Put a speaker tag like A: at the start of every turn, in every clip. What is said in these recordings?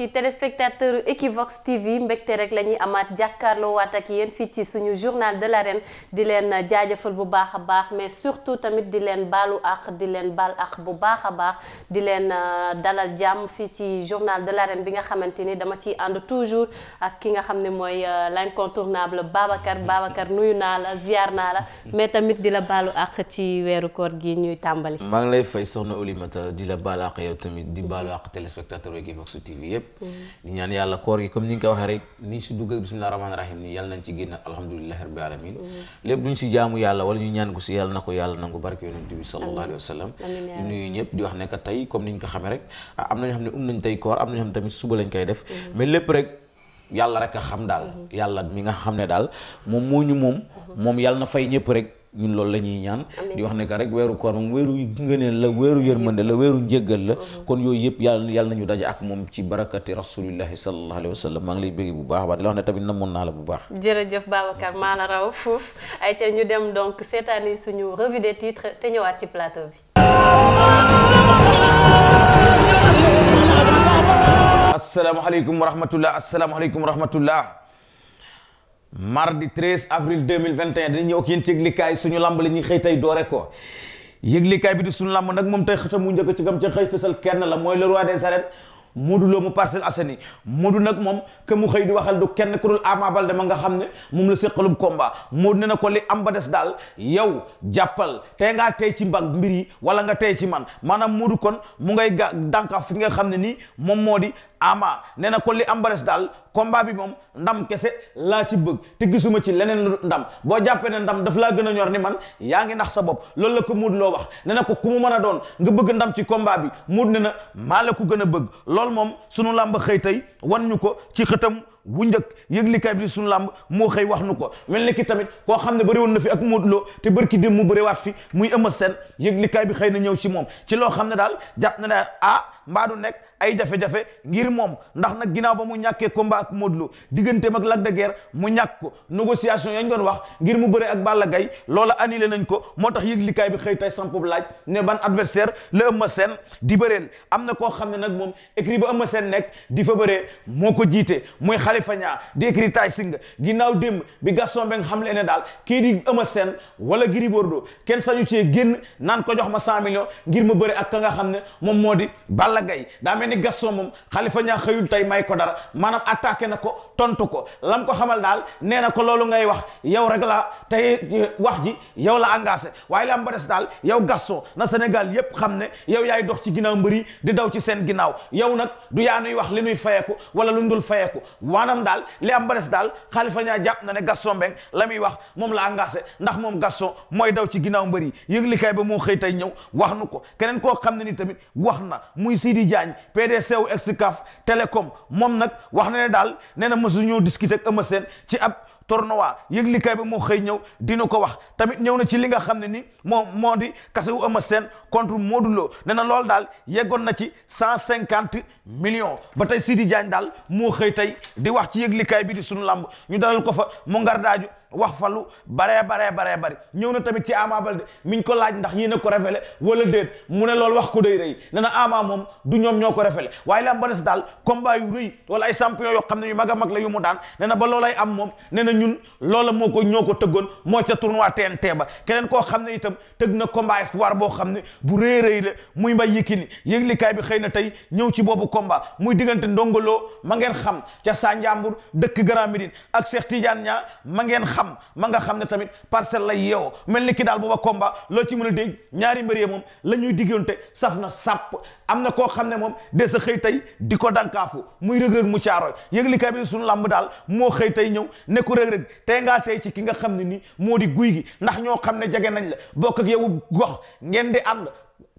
A: mbokki téléspectateur Equivox TV mbégte rek lañ amaat jàkkaarloo waat ak yéen fii ci suñu journal de ren di leen jaajëfal bu baax a baax mais surtout tamit di leen baalu ak di leen baal ak bu baax a baax di leen euh, dalal jàmm fii ci journal de la ren bi nga xamante ni dama ciy ànd toujours ak ki nga xam ne mooy euh, l'incontournable Babacar Babacar nuyu naa la ziar naa la mais tamit di la baalu ak ci weeru koor gi ñuy tàmbali. maa
B: ngi lay fay soxna Oulimata di la baalu ak yow tamit di baalu ak mm-hmm. yàlla koor gi comme ni ko waxee duggee bisimilah rahmaani rahim nii yàlla nañ ci génn alhamdulilahi rabbil alamin lépp luñ si jaamu yàlla wala ñu ñaan ko si yàlla na ko yàlla nangu barke yonent bi sallallahu alayhi wa sallam di nuyu ñëpp di wax ne que tey comme niñ ko xamee rek ah, am nañu xam ne um nañ tey koor am nañu xam ne tamit suba lañ koy def mm-hmm. mais lépp rek yàlla rek a xam daal yàlla mi nga xam ne daal moom moo ñu moom moom yàlla na fay ñëpp rek ñun loolu la ñuy ñaan di wax ne que rek weeru koor moom weeru ngëneel la weeru yërmande la weeru njéggal la kon yooyu yëpp yàlla yàlla nañu daje ak moom ci barakati rasulillahi sallallahu alayhi wa sallam maa ngi lay bëgg bu baax a baax di la wax ne tamit namoon naa la bu baax
A: jërëjëf Babacar maana raw foofu ay ca ñu dem donc seetaani suñu revue des te ñëwaat ci plateau bi
B: asalaamaaleykum wa rahmatullah asalaamaaleykum wa rahmatullah mardi 13 avril 2021 dañu ñëw ak yéen ci yëglikaay suñu lamb la ñuy xëy tey doore ko yëglikaay bi di suñu lamb nag moom tey xëtam mu njëkk ci gam ca xëy fësal kenn la mooy le roi des arènes Modou Lo mu Parcelles Assainies Modou nag moom ke mu xëy di waxal du kenn ku dul Ama Baldé ma nga xam ne moom la séqalub combat Modou ne na ko li am ba des daal yow jàppal tey ngaa tey ci mbag mbir yi wala nga tey ci man maanaam Modou kon mu ngay ga dànka fi nga xam ne nii moom moo di Ama nee na ko li am ba des daal combat bi moom ndam kese laa ci bëgg te gisuma ci leneen lu ndam boo jàppee ne ndam daf laa gën a ñor ni man yaa ngi nax sa bopp loolu la ko Modou loo wax ne ko ku mu mën a doon nga bëgg ndam ci combat bi Modou ne na maa la ko gën a bëgg loolu moom sunu làmb xëy tey wan ñu ko ci xëtam wu njëkk yëglikaay bi suñu làmb moo xëy wax nu ko mel ni tamit koo xam ne bëri woon na fi ak Modou Lo te bërki dem mu bëriwaat fi muy Eumeu Sène yëglikaay bi xëy na ñëw ci moom ci loo xam ne daal jàpp na ne ah mbaa du nekk ay jafe-jafe ngir moom ndax nag ginnaaw ba mu ñàkkee combat ak Modou Lo digganteem ak Lac mu ñàkk ko négociation yañ doon wax ngir mu bëre ak Balla gay loola annulé nañ ko moo tax yëglikaay bi xëy tay sampob laaj ne ban adversaire la Eumeu seen di bëreel am na koo xam ne nag moom écrit ba Eumeu seen nekk di fa bëree moo ko jiite muy Khalifa Niang di écrit tay singa ginnaaw démb bi Gaston Mbengue xam le ne daal kii di Eumeu Sène wala Gris Bordeaux kenn sañu cee génn naan ko jox ma cent ngir mu bëre ak ka nga xam ne moom moo di Balla Gaye daa mel ni Gaston moom Khalifa ñaa xëyul tey may ko dara maanaam attaqué na ko tontu ko lam ko xamal daal nee na ko loolu ngay wax yow rek la tey eh, wax ji yaw la engagé waaye lam ba daal yow Gaston na Sénégal yépp xam ne yow yaay dox ci ginnaaw mbër yi di daw ci seen ginnaaw yow nag du yaa nuy wax li nuy fayeku wala lu ndul fayeku maanaam daal li am ba des daal Khalifa ñaa jàpp na ne Gaston Mbengue la muy wax moom la engagé ndax moom Gaston mooy daw ci ginnaaw mbër yi yëg ba moo xëy tey ñëw wax nu ko keneen koo xam ne ni tamit wax na muy Sidi Diagne PDC sew Excaf Télécom moom nag wax na ne daal nee na mësu ñoo discuter ak Eumeu Sène ci ab tournoi yëglikaay bi moo xëy ñëw dina ko wax tamit ñëw na ci li nga xam ne ni moom moo di kase wu Eumeu Sène contre Modou Lo nee na loolu daal yeggoon na ci cent cinquante million ba tey Sidi Diagne daal moo xëy tey di wax ci yëglikaay bi di suñu làmb ñu dalal ko fa mu ngar daaju wax fa lu baree baree baree bari ñëw na tamit ci Ama Baldé mi ñu ko laaj ndax yéen a ko révélé wala déet mu ne loolu wax ku day rëy nee na Ama moom du ñoom ñoo ko révélé waaye la am ba des daal combat yu rëy wala ay champion yoo xam ne yu mag a mag la yu mu daan nee na ba loolay am moom nee na ñun loola moo ko ñoo ko tëggoon moo ca tournoi TNT ba keneen koo xam ne itam tëgg na combat espoir boo xam ne bu rëy rëy la muy mbay Yékini yëglikaay bi xëy na tey ñëw ci boobu combat muy diggante ndongoloo ma ngeen xam ca Sanjambur dëkk Grand Médine ak Cheikh Tidiane Niang ma ngeen xam xam ma nga xam ne tamit parcelle la yeewoo mel ni ki daal booba combat loo ci mën a dégg ñaari mbër yi moom la ñuy diggante saf na sàpp am na koo xam ne moom de sa xëy tey di ko dankaafu muy rëg-rëg mu caarooy yëglikaay bi suñu làmb daal moo xëy tey ñëw ne ko rëg-rëg tey ngaa tey ci ki nga xam ne nii moo di guy gi ndax ñoo xam ne jege nañ la bokk ak yow gox ngeen di ànd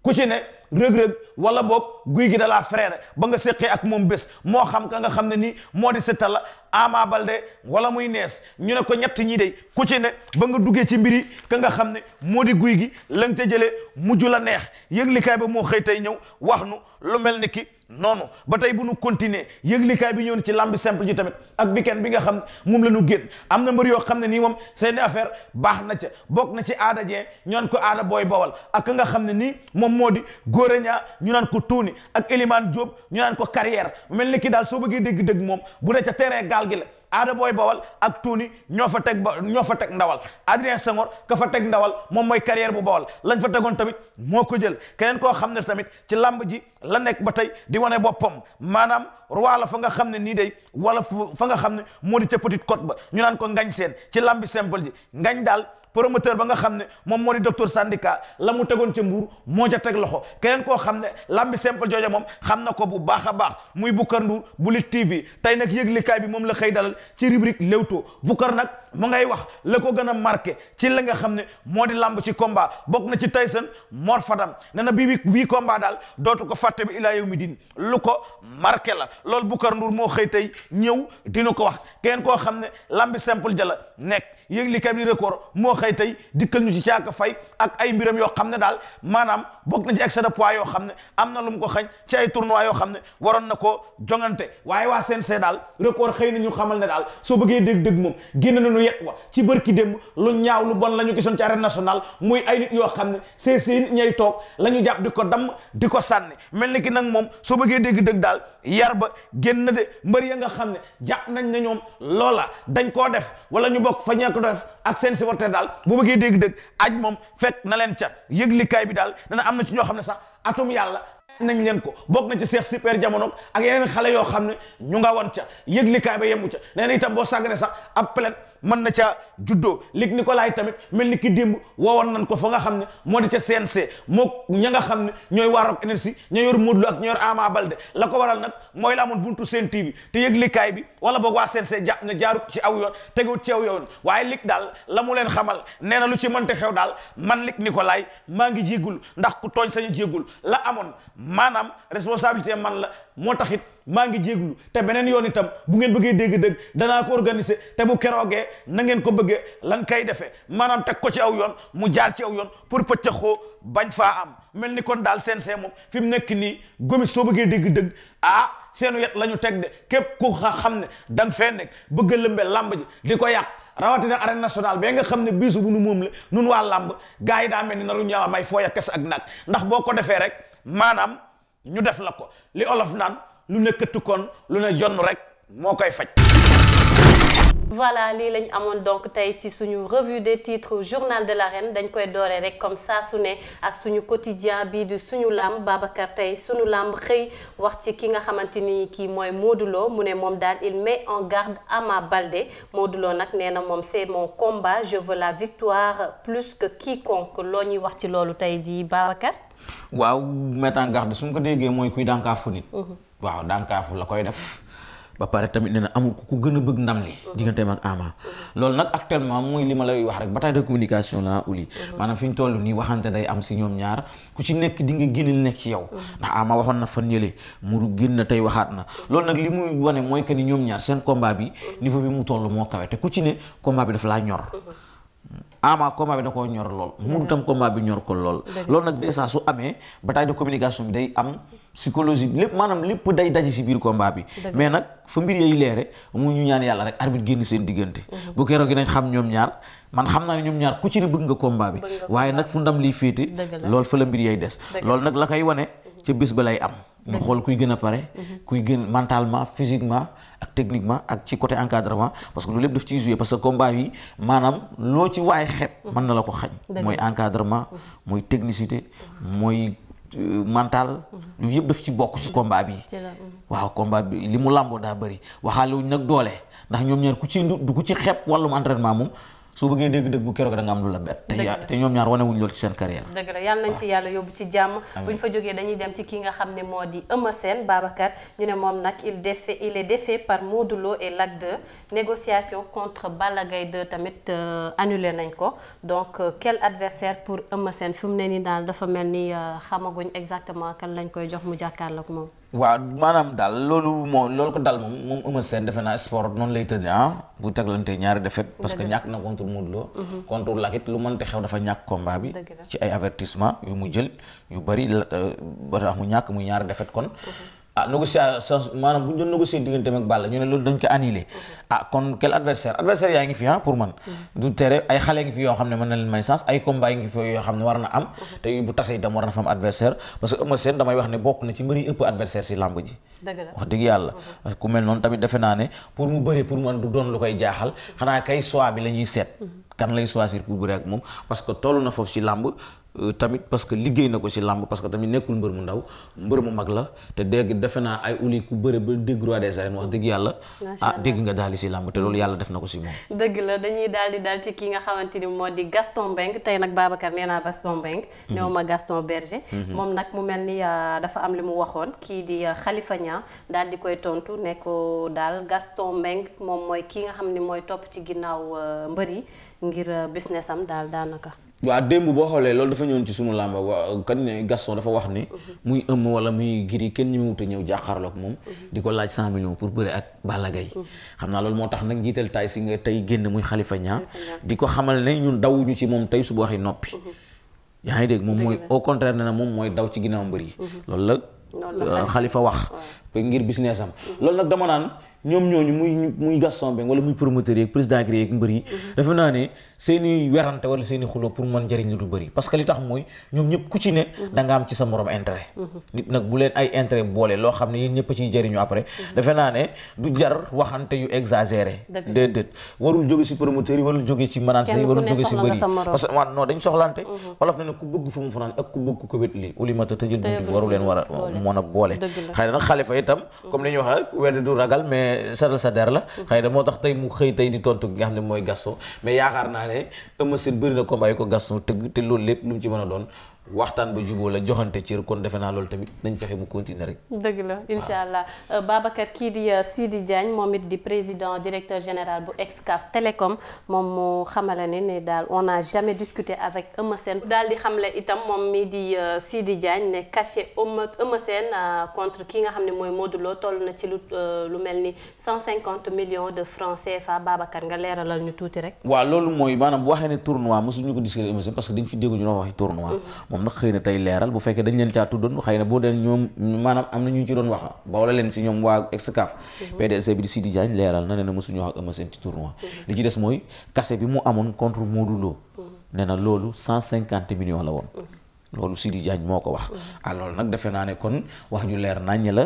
B: ku ci ne rëg-rëg wala boog guy gi da laa frère ba nga séqee ak moom bés moo xam ka nga xam ne nii moo di Siteu la Ama Baldé wala muy nees ñu ne ko ñett ñii de ku ci ne ba nga duggee ci mbiri ka nga xam ne moo di guy gi la nga ca jëlee mujj la neex yëglikaay ba moo xëy tey ñëw wax nu lu mel ni ki non ba tey bu nu continuer yëglikaay bi ñëw ci lamb simple ji tamit ak weekend bi nga xam moom la ñu génn am na mbër yoo xam ne nii moom seeni affaire baax na ca bokk na ci aada jee ñaan ko aada booy bawal ak nga xam ne nii moom moo di góore ñaa ñu naan ko tuuni ak Elimane Diop ñu naan ko carrière mel ni ki daal soo bëggee dégg dëgg moom bu dee ca terrain gaal gi la aada booy bawal ak tuuni ñoo fa teg ba ñoo fa teg ndawal Adrien Senghor ka fa teg ndawal moom mooy carrière bu bawal lañ fa tegoon tamit moo ko jël keneen koo xam ne tamit ci làmb ji la nekk ba tey di wane boppam maanaam roi fa nga xam ne nii day wala fa nga xam ne moo di ca petite côte ba ñu naan ko ngañ seen ci lambi simple ji ngañ daal promoteur ba nga xam ne moom moo di docteur Sandika la mu tegoon ca mbuur moo ca teg loxo keneen koo xam ne lambi simple jooja moom xam na ko bu baax a baax muy Boucar Ndour bu Lutte TV tey nag yëglikaay bi moom la xëy dal ci rubrique Leewtoo Boucar nag mu ngay wax la ko gën a marqué ci la nga xam ne moo di lamb ci comba bokk na ci Tyson Mor Fadam nee na bii bii combat daal dootu ko fàtte bi yow mi din lu ko la loolu Boucar Ndour moo xëy tey ñëw dina ko wax kenn koo xam ne lambi simple jala nekk yëglikaay bi di record moo xëy tey dikkal ñu ci caaka fay ak ay mbiram yoo xam ne daal maanaam bokk nañ ci excès de pois yoo xam ne am na lu mu ko xañ ci ay tournoi yoo xam ne waroon na koo jongante waaye waa CNG daal record xëy na ñu xamal ne daal soo bëggee dégg-dégg moom génn nañu yeq wa ci bërki démb lu ñaaw lu bon la ñu gisoon ci arène nationale muy ay nit yoo xam ne seesee nit ñay toog la ñu jàpp di ko damm di ko sànni mel ni ki nag moom soo bëggee dégg dëgg daal yar ba génn de mbër ya nga xam ne jàpp nañ ne ñoom loola dañ koo def wala nu def ak seen supporter daal bu bëggee dégg-dégg aj moom fekk na leen ca yëglikaay bi daal dana am na ci ñoo xam ne sax atum yàlla nañ leen ko bokk na ci seex super jamono ak yeneen xale yoo xam ne ñu nga wan ca yëglikaay ba yemu ca nee na boo sàggane sax ab plainte mën na ca juddoo Luc Nicolaï tamit mel ni ki démb woowoon nañ ko fa nga xam ne moo di ca CNC moo ña nga xam ne ñooy waa Rock Énergie ñoo yor Modou Lo ak ñoo yor la ko waral nag mooy la amoon buntu seen TV te yëglikaay bi wala boog waa CNC jàpp na ci aw yoon teguwut ci aw yoon waaye Luc daal la mu leen xamal nee na lu ci mënte xew daal man Luc Nicolaï maa ngi jéggul ndax ku tooñ sañu jéggul la amoon maanaam responsabilité man la moo taxit maa ngi jéeglu te beneen yoon itam bu ngeen bëggee dégg dëgg danaa ko organiser te bu keroogee na ngeen ko bëggee lan kay defee maanaam teg ko ci aw yoon mu jaar ci yoon pour pëccëxoo bañ faa am mel ni kon daal seen see moom fi mu nekk nii gomis soo bëggee dégg dëgg ah seenu yet la ñu teg de képp ku xam ne da nga fee nekk bëgg a lëmbe lamb ji di ko yàq rawatina arène nationale bee nga xam ne biisu bu nu moom la nun waa lamb gars yi daa mel ni naru ñaaw may fooy a ak nag ndax boo ko defee rek maanaam ñu def la ko li olof lu ne këttu lu ne jonn rek moo koy faj.
A: voilà lii lañu amoon donc tey ci suñu revue des titres journal de l'arène dañ koy dooree rek comme ça su ne ak suñu quotidien bii di suñu làmb Babacar tey suñu làmb xëy wax ci ki nga xamante ni kii mooy Modou mu ne moom daal il met en garde Ama Baldé Modou nag nee na moom c'est mon combat je veux la victoire plus que quiconque loo ñuy wax ci loolu tey jii Babacar.
B: waaw mettre en garde su ko déggee mooy kuy waaw dànkaafu la koy def ba pare tamit nee na amul ku gën a bëgg ndam li digganteem ak Ama loolu nag actuellement mooy li ma lay wax rek bataille de communication la uli maanaam fi ñu toll nii waxante day am si ñoom ñaar ku ci nekk di nga génne nekk ci yow ndax Ama waxoon na fan yële mu génn na tey waxaat na loolu nag li muy wane mooy que ni ñoom ñaar seen combat bi niveau bi mu toll moo kawe te ku ci bi daf laa ñor ama combat bi da koo ñor lool mu tam combat bi ñor ko lool loolu nag des saa su amee bataille de communication bi day am psychologie lépp maanaam lépp day daje si biir combat bi mais nag fa mbir yooyu leere mu ñu ñaan yàlla rek arbitre génn seen diggante mhm. bu keroog gi nañ xam ñoom ñaar man xam naa ne ñoom ñaar ku ci ne bëgg nga combat bi waaye nag fu ndam liy féete loolu fa la mbir yooyu des loolu nag la koy wane mhm. ca bés ba lay am ñu xool kuy gën a pare mhm. kuy gën mentalement physiquement ak techniquement ak ci côté encadrement parce que loolu lépp daf ciy joué parce que combat yi maanaam loo ci waaye xeeb la ko xañ mooy encadrement mooy technicité mooy Euh, mental. Mhm. yooyu yëpp daf ci bokk ci combat bi. Mhm. waaw combat bi li mu làmboo daa bëri waxaal wuñ nag doole ndax ñoom ñaar ku ci du ku ci xepp wàllum entraînement moom. soo bëggee dégg dëgg bu keroog da nga am lu la bett te ñoom ñaar wane wuñ lool ci seen carrière
A: dëgg la yàlla nañ ci yàlla yóbbu ci jàmm ñu fa jógee dañuy dem ci kii nga xam ne moo di Eumeu seen Babacar ñu ne moom nag il défait il est défait par Modou Lo et Lac 2 négociation contre Balla Gaye 2 tamit euh, annulé nañ ko donc euh, quel adversaire pour Eumeu seen fi mu ne nii daal dafa mel ni euh, xamaguñ exactement kan lañ koy jox mu jàkkaarloog moom
B: waaw maanaam daal loolu moo lool ko dal moom moom Eumeu Sène defe naa sport noonu lay tëddee ah bu teglantee ñaari defet parce que ñàkk na contre Modou loo mhm. contre lakit lu man mënte xew dafa ñàkk combat bi ci ay avertissement yu mu jël yu bari euh, ba tax mu ñàkk muy ñaari defet kon mhm. ah négociation maanaam bu ñu doon négocier digganteem ak Balla ñu ne loolu dañ ko annulé ah kon quel adversaire adversaire yaa ngi fi ah pour man du tere ay xale ngi fi yoo xam ne mën na leen may sens ay combat ngi fi yoo xam ne war na am te bu tasee itam war na fa am adversaire parce que Eumeu Sène damay wax ne bokk na ci mbir ëpp adversaire si làmb ji wax dëgg yàlla ku mel noonu tamit defe naa ne pour mu bëri pour man du doon lu koy jaaxal Euh, tamit parce que liggéey na ko si làmb parce que tamit nekkul mbër mu ndaw mbër mu mag la te dégg defe naa ay uli ku bëre ba dégg roi des arènes wax dëgg yàlla ah dégg nga daal di si làmb te loolu yàlla def na ko ci moom
A: dëgg la dañuy daal di daal ci ki nga xamante ni moo di Gaston Mbengue tey nag Babacar nee naa Gaston Mbengue mhm. néew ma Gaston Berger mhm. moom nag mu mel ni euh, dafa am li mu waxoon kii di xalifa euh, Niang daal di koy tontu ne daal Gaston Mbengue moom mooy ki nga xam ni mooy topp ci ginnaaw mbër yi ngir business daal daanaka
B: waaw démb boo xoolee loolu dafa ñëwoon ci sunu làmba waa kan ne Gaston dafa wax ni. Mhm. muy ëmm wala muy giri kenn ñëwut a ñëw jàkkaarloog moom. Mhm. di ko laaj cent millions pour bëre ak Balla Gaye. Mhm. xam naa loolu moo tax nag njiital taay si nga tey génn muy Khalifa Niang di ko xamal ne ñun dawuñu ci moom tey suba waxi noppi. yaa ngi dégg moom mooy au contraire ne na moom mooy daw ci ginnaaw mbër yi. loolu la xalifa euh, wax. ngir business am loolu nag dama naan. ñoom ñooñu muy muy Gaston Mbengue wala muy promoteur yeeg président ak yeeg mbër yi defe naa ne seen werante wala seen xuloo pour man njëriñ li du bëri parce que li tax mooy ñoom ñëpp ku ci ne mhm. da am ci sa morom intérêt mhm. nit nag bu leen ay intérêt boole loo xam ne yéen ñëpp ciy jëriñu après mhm. defe naa ne du jar waxante yu exagéré déedéet warul jóge si promoteur yi warul jóge ci manager yi yi parce que waaw soxlante olof na ne ku bëgg fu mu fanaan ak ne sa der la xëy na moo tax tey mu xëy tey di tontu nga xam ne mooy Gaston mais yaakaar naa ne Eumeu Sène bëri na combat yu ko Gaston tëgg te loolu lépp lu mu ci mën a doon waxtaan ba juboo la joxante cër kon defe naa loolu tamit nañ fexe bu continuer rek.
A: dëgg la incha allah euh, Babacar kii di euh, Sidi Diagne moom it di président directeur général bu Excaf Télécom moom mu xamale ne ne daal on a jamais discuté avec Eumeu Sène daal di xamle itam moom mii di euh, Sidi jaañ ne cachet Eumeu Sène contre ki nga xam ne mooy Modou Lo toll na ci lu lu mel ni 150 millions de francs CFA Babacar nga leeralal ñu tuuti rek.
B: waaw loolu mooy maanaam bu waxee ne tournoi mosuñu ko discuter Eumeu Sène parce que dañ fi moom nag xëy na tey leeral bu fekkee dañ leen caa tuddoon xëy na boo deen ñoom maanaam am na ñu ci doon wax boola leen si ñoom waa Excaf mhm. PDC bi di Sidi Diagne leeral na nee na mosuñu wax ak Eumeu ci tournoi mhm. li ci des mooy kase bi mu amoon contre Modou Lo mhm. nee na loolu cent cinquante millions la woon loolu Sidi Diagne moo ko wax ah loolu nag defe naa ne kon wax ju leer naññ la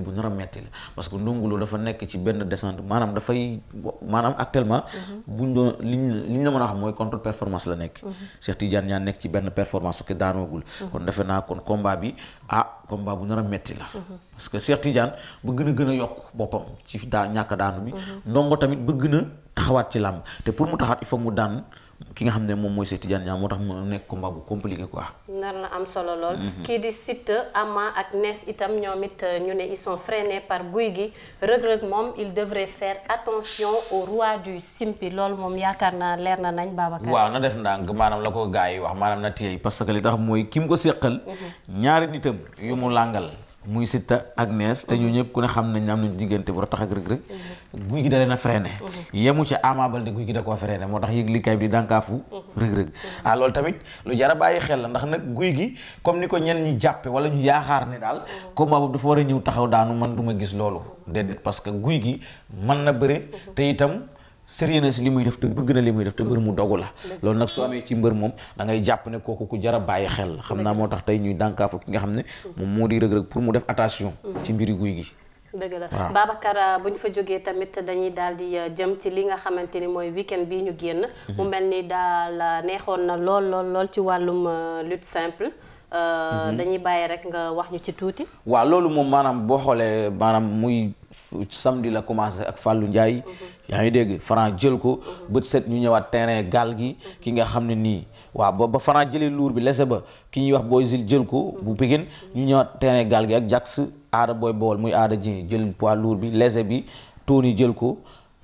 B: kii bu nar a metti la parce que Ndongo Lo dafa nekk ci benn descente maanaam dafay maanaam actuellement mhm. buñ doon liñ liñ la mën a xam mooy mhm. mhm. ah, bu nar a metti gën a taxawaat ci làmb te pour mu taxaat il faut mu daan ki nga xam ne moom mooy Cheikh Tidiane Niang moo tax mu nekk combat bu compliqué quoi.
A: nar na am solo lool. Mhm. kii di Siteu Ama ak Ness itam ñoom it euh, ñu ne ils sont freinés par guy gi Reug Reug moom il devrait faire attention au roi du simpi loolu moom yaakaar naa leer na nañ Babacar. waaw na
B: def ndànk maanaam la ko gars yi wax maanaam na téye parce que li tax mooy ki mu ko seqal. Mhm. ñaari nitam yu mu làngal. muy Siteu ak Nees te ñu ñëpp ku ne xam nañ ne am nañu diggante bu tax ak Reug Reug guy gi da leen a freiné yemu ci Ama Baldé guy gi da koo freiné moo tax yëglikaay bi di dànkaafu Reug Reug ah loolu tamit lu jar bàyyi xel la ndax nag guy gi comme ni ko ñenn ñi jàppe wala ñu yaakaar ne daal combat boobu dafa war a ñëw taxaw daanu man du ma gis loolu déedéet parce que guy gi mën na bëre te itam sérieux na si li muy def te bëgg na li muy def te mbër mu dogu la loolu nag soo amee ci mbër moom da jàpp ne kooku ku jara bàyyi xel xam naa moo tax tey ñuy dànkaafu ki nga xam ne moom moo di rëg-rëg pour mu def attention ci mbiri guy gi
A: dëgg la Babacar euh, bu ñu fa jógee tamit dañuy daal di euh, jëm ci li nga xamante ni mooy weekend bi ñu génn mhm. mu mel ni daal euh, neexoon na lool lool lool ci wàllum lutte simple Euh, mhm. dañuy bàyyi rek nga wax ñu ci tuuti.
B: waaw loolu moom maanaam boo xoolee maanaam muy samedi la commencé ak Fallou Ndiaye. Mhm. yaa ngi dégg Franc jël ko. Mhm. bët set ñu ñëwaat terrain gaal gi. ki nga xam ne nii waaw ba ba Franc jëlee luur bi lese ba ki ñuy wax booy Zil jël ko. bu Pikine ñu ñëwaat terrain gaal gi ak Jax aada booy bool muy aada ji jël poids lourd bi lese bi tuuni jël ko.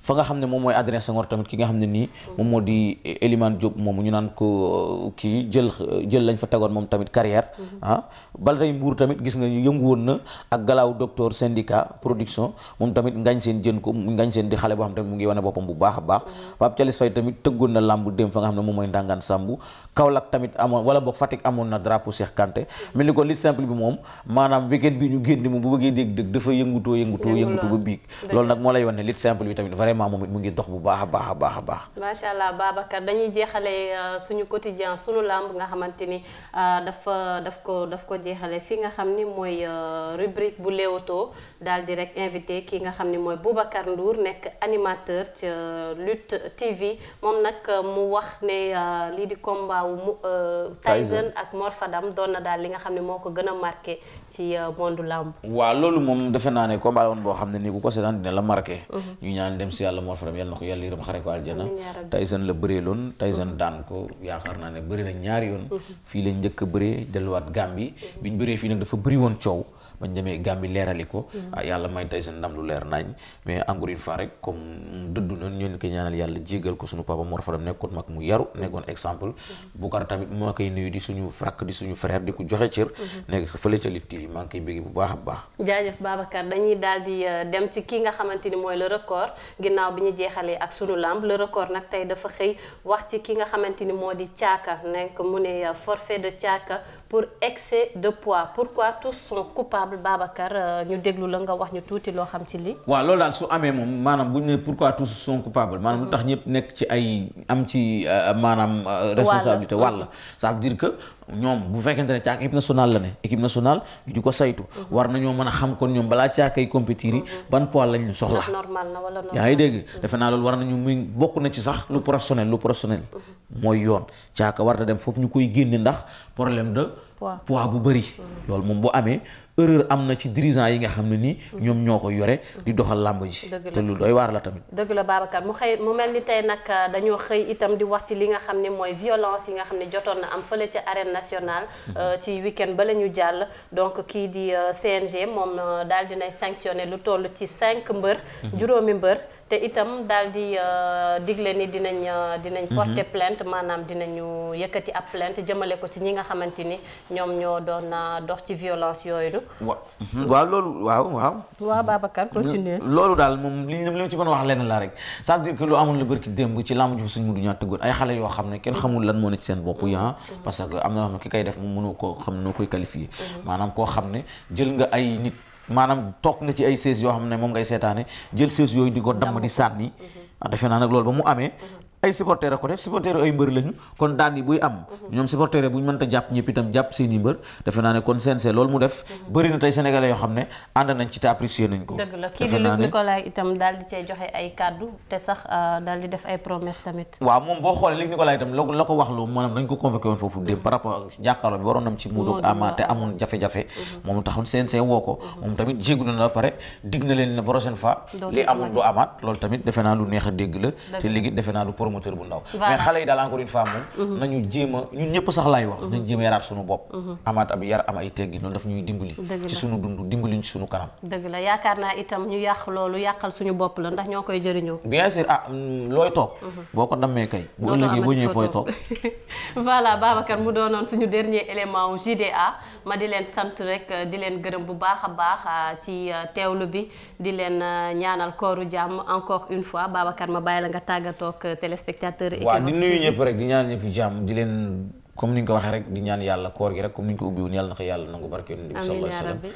B: fa nga xam ne moom mooy Adrien Senghor tamit ki nga xam ne nii moom moo di Elimane Diop moomu ñu naan ko euh, kii jël jël lañ fa tegoon moom tamit carrière mhm. ah Baldey Mbour tamit gis nga yëngu woon na ak galaaw docteur syndicat production moom tamit ngañ seen jën ko ngañ seen di xale boo xam tamit mu ngi wane boppam bu baax a baax mhm. Pape Thialis Faye tamit tëggoon na làmb dem fa nga xam ne moom mooy Ndangan Sambu Kaolack tamit amoon wala boog Fatick amoon na drapeau Cheikh Kanté mhm. mel ni ko lit simple bi moom maanaam weekend bi ñu génn moom bu bëggee dégg dëgg dafa yëngutoo yëngutoo yëngutu ba biig loolu nag moo lay wane lit simple bi vraiment mu mu ngi dox bu baax a baax a baax a baax.
A: macha allah Babacar dañuy jeexale euh, suñu quotidien suñu làmb nga xamante ni euh, dafa daf ko daf ko jeexale fi nga xam ni mooy euh, rubrique bu Leewtoo daal di rek invité ki nga xam ni mooy Boubacar nduur nekk animateur ca Lutte TV moom nag mu wax ne lii di combat wu Tyson ak Morfadam doon na daal li nga xam ne moo ko gën a marqué ci monde làmb.
B: waaw loolu moom defe naa ne combat boo xam ne nii ku ko seetaan dina la marqué. Mhm. ñu ñaan yàlla moo faram yal na ko yàlla yërëm xare ko aljana Tyson la bëree loon Tyson daan ko yaakaar naa ne bëri na ñaari yoon mhm. fii la njëkk a bëree delluwaat Gambie mhm. bi ñu bëree fii nag dafa bari woon coow bañ demee Gàmbi leerali ko mm-hmm. ah, yàlla may tey seen ndam lu leer nañ mais encore une fois rek comme dëddu na ñoo ngi koy ñaanal yàlla jéggal ko suñu papa Mor Fadam nekkoon mag mu yaru mm-hmm. nekkoon exemple mm-hmm. Boucar tamit maa koy nuyu di suñu frak di suñu frère di ko joxe cër nekk fële ca Lutte TV maa ngi koy bëgg baax a baax
A: jaajëf dañuy daal di euh, dem ci kii nga xamante ni mooy le record ginnaaw bi ñu jeexalee ak sunu lamb le record nag tey dafa xëy wax ci ki nga xamante ni moo di caaka nekk mu ne euh, forfait de caaka pour excès de poids pourquoi tous sont coupables Babacar euh, ñu déglu la nga wax ñu tuuti loo xam ci li
B: waaw loolu daal su amee moom maanaam bu ne pourquoi tous son coupables maanaam lu tax ñëpp nekk ci ay am ci euh, maanaam euh, responsabilité walla ça veut que ñoom bu fekkente ne caaka équipe nationale la ne équipe nationale di ko saytu mhm. war nañoo mën a xam kon ñoom balaa caaka yi compétir yi mhm. ban poids lañu soxla
A: yaa ngi dégg mhm.
B: defe naa loolu war nañu muy bokk na ci sax lu professionnel lu professionnel mooy yoon caaka war na dem foofu ñu koy génne ndax problème de pois bu bëri loolu moom bu amee erreur am na ci dirigeant yi nga xam ne nii mm-hmm. ñoom ñoo ko yore di doxal làmb ji te lu doy waar la tamit
A: dëgg la Babacar mu xëy mu mel ni tey nag euh, dañoo xëy itam di wax ci li nga xam ne mooy violence yi nga xam ne jotoon na am fële ca arène nationale mm-hmm. euh, ci week-end ba la ñu jàll donc kii di euh, CNG moom daal dinay sanctionné lu toll ci cinq mbër mm-hmm. juróomi mbër te itam daal di euh, digle ni dinañ euh, dinañ mhm. porter plainte maanaam dinañu yëkkati ab plainte jëmale ko ci ñi nga xamante ni ñoom ñoo doon na euh, dox ci violence yooyu
B: wa mhm. waaw loolu waaw waaw
A: waaw Babacar continue
B: loolu daal moom li ñu ci mën wax lenn la rek ça veut dire que lu amoon la bërki démb ci lamb ji fa suñ mu duñaa tëggoon ay xale yoo xam ne kenn mhm. xamul lan moo ne ci seen bopp yi ah. parce que am na yoo xam ne ki koy def moom mënu koo xam noo koy qualifier maanaam koo xam ne jël nga ay nit maanaam toog nga ci ay sées yoo xam ne moom ngay seetaane jël sées yooyu di ko damm di sànni mhm. ah, defe naa nag loolu ba mu amee mhm. ay supporter a ko def supporter ay mbër mhm. mhm.
A: kii di Luc itam daal di cay joxe ay kàddu te sax euh, daal di def ay promesse tamit
B: waaw moom boo xoolee Luc Nicolaï itam la ko wax loo maanaam dañ ko convoqué woon foofu dem par rapport ak jàkkaarloo bi waroon ci Modou ak te amoon jafe-jafe mhm. moom taxoon CNG woo ko moom tamit jéegu na la pare dig na leen ne prochaine li amoon du amaat loolu tamit defe naa lu neex a dégg la te léegi defe naa lu promo promoteur bu ndaw mais xale yi daal encore une fois moom mhm. nañu jéem a ñun ñëpp sax laay wax nañ jéem a yaraat suñu bopp mhm. amaat ab yar am ay teggi loolu daf ñuy dimbali ci suñu dund dimbali ci suñu kanam
A: dëgg la yaakaar naa itam ñu yàq loolu yàqal suñu bopp la ndax ñoo koy jëriñoo bien
B: sûr ah looy toog mhm. boo ko dammee kay bu ëllëgee bu ñëwee fooy toog
A: voilà Babacar mu doonoon suñu dernier élément wu JDA ma di leen sant rek di leen gërëm bu baax a baax ah, ci ah, teewlu téléspectateurs di nuyu ñëpp
B: rek di ñaan yàlla koor gi rek comme ni ñu ko ubbiwoon yàlla na yàlla nangu barke yonent bi sallallahu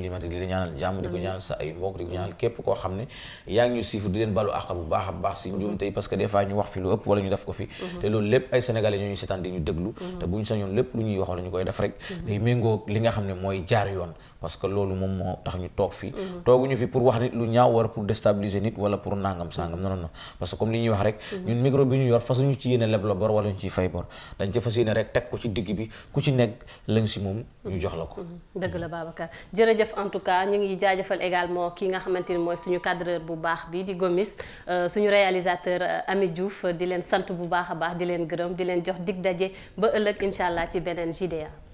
B: wa ay mbokk di ko ñaanal képp koo xam ne yaa ngi ñu siif di leen balu àq bu baax a baax si njuum mm-hmm. tey parce que des ñu wax fi lu ëpp wala ñu def ko fi mm-hmm. te loolu lépp ay sénégalais ñoo ñu seetaan di ñu déglu mm-hmm. te bu ñu sañoon lépp lu ñuy wax wala koy def rek day méngoo li nga xam ne mooy jaar yoon parce que loolu moom moo tax ñu toog fi mhm. tooguñu fi pour wax nit lu ñaaw wala pour déstabiliser nit wala pour nangam sangam non non parce que comme li ñu wax rek mhm. ñu micro bi ñu yor fasuñu ci yéene leb la bor wala ñu ciy fay bor dañ ci fas yéene rek teg ko ci digg bi ku ci nekk lañ si moom ñu jox la ko mhm.
A: dëgg la Babacar jërëjëf en tout cas ñu ngi jaajëfal également ki nga xamante ni mooy suñu cadreur bu baax bi di Gomis euh, suñu réalisateur euh, Ami Diouf di leen sant bu baax a baax di leen gërëm di leen jox dig daje ba ëllëg incha ci beneen JDA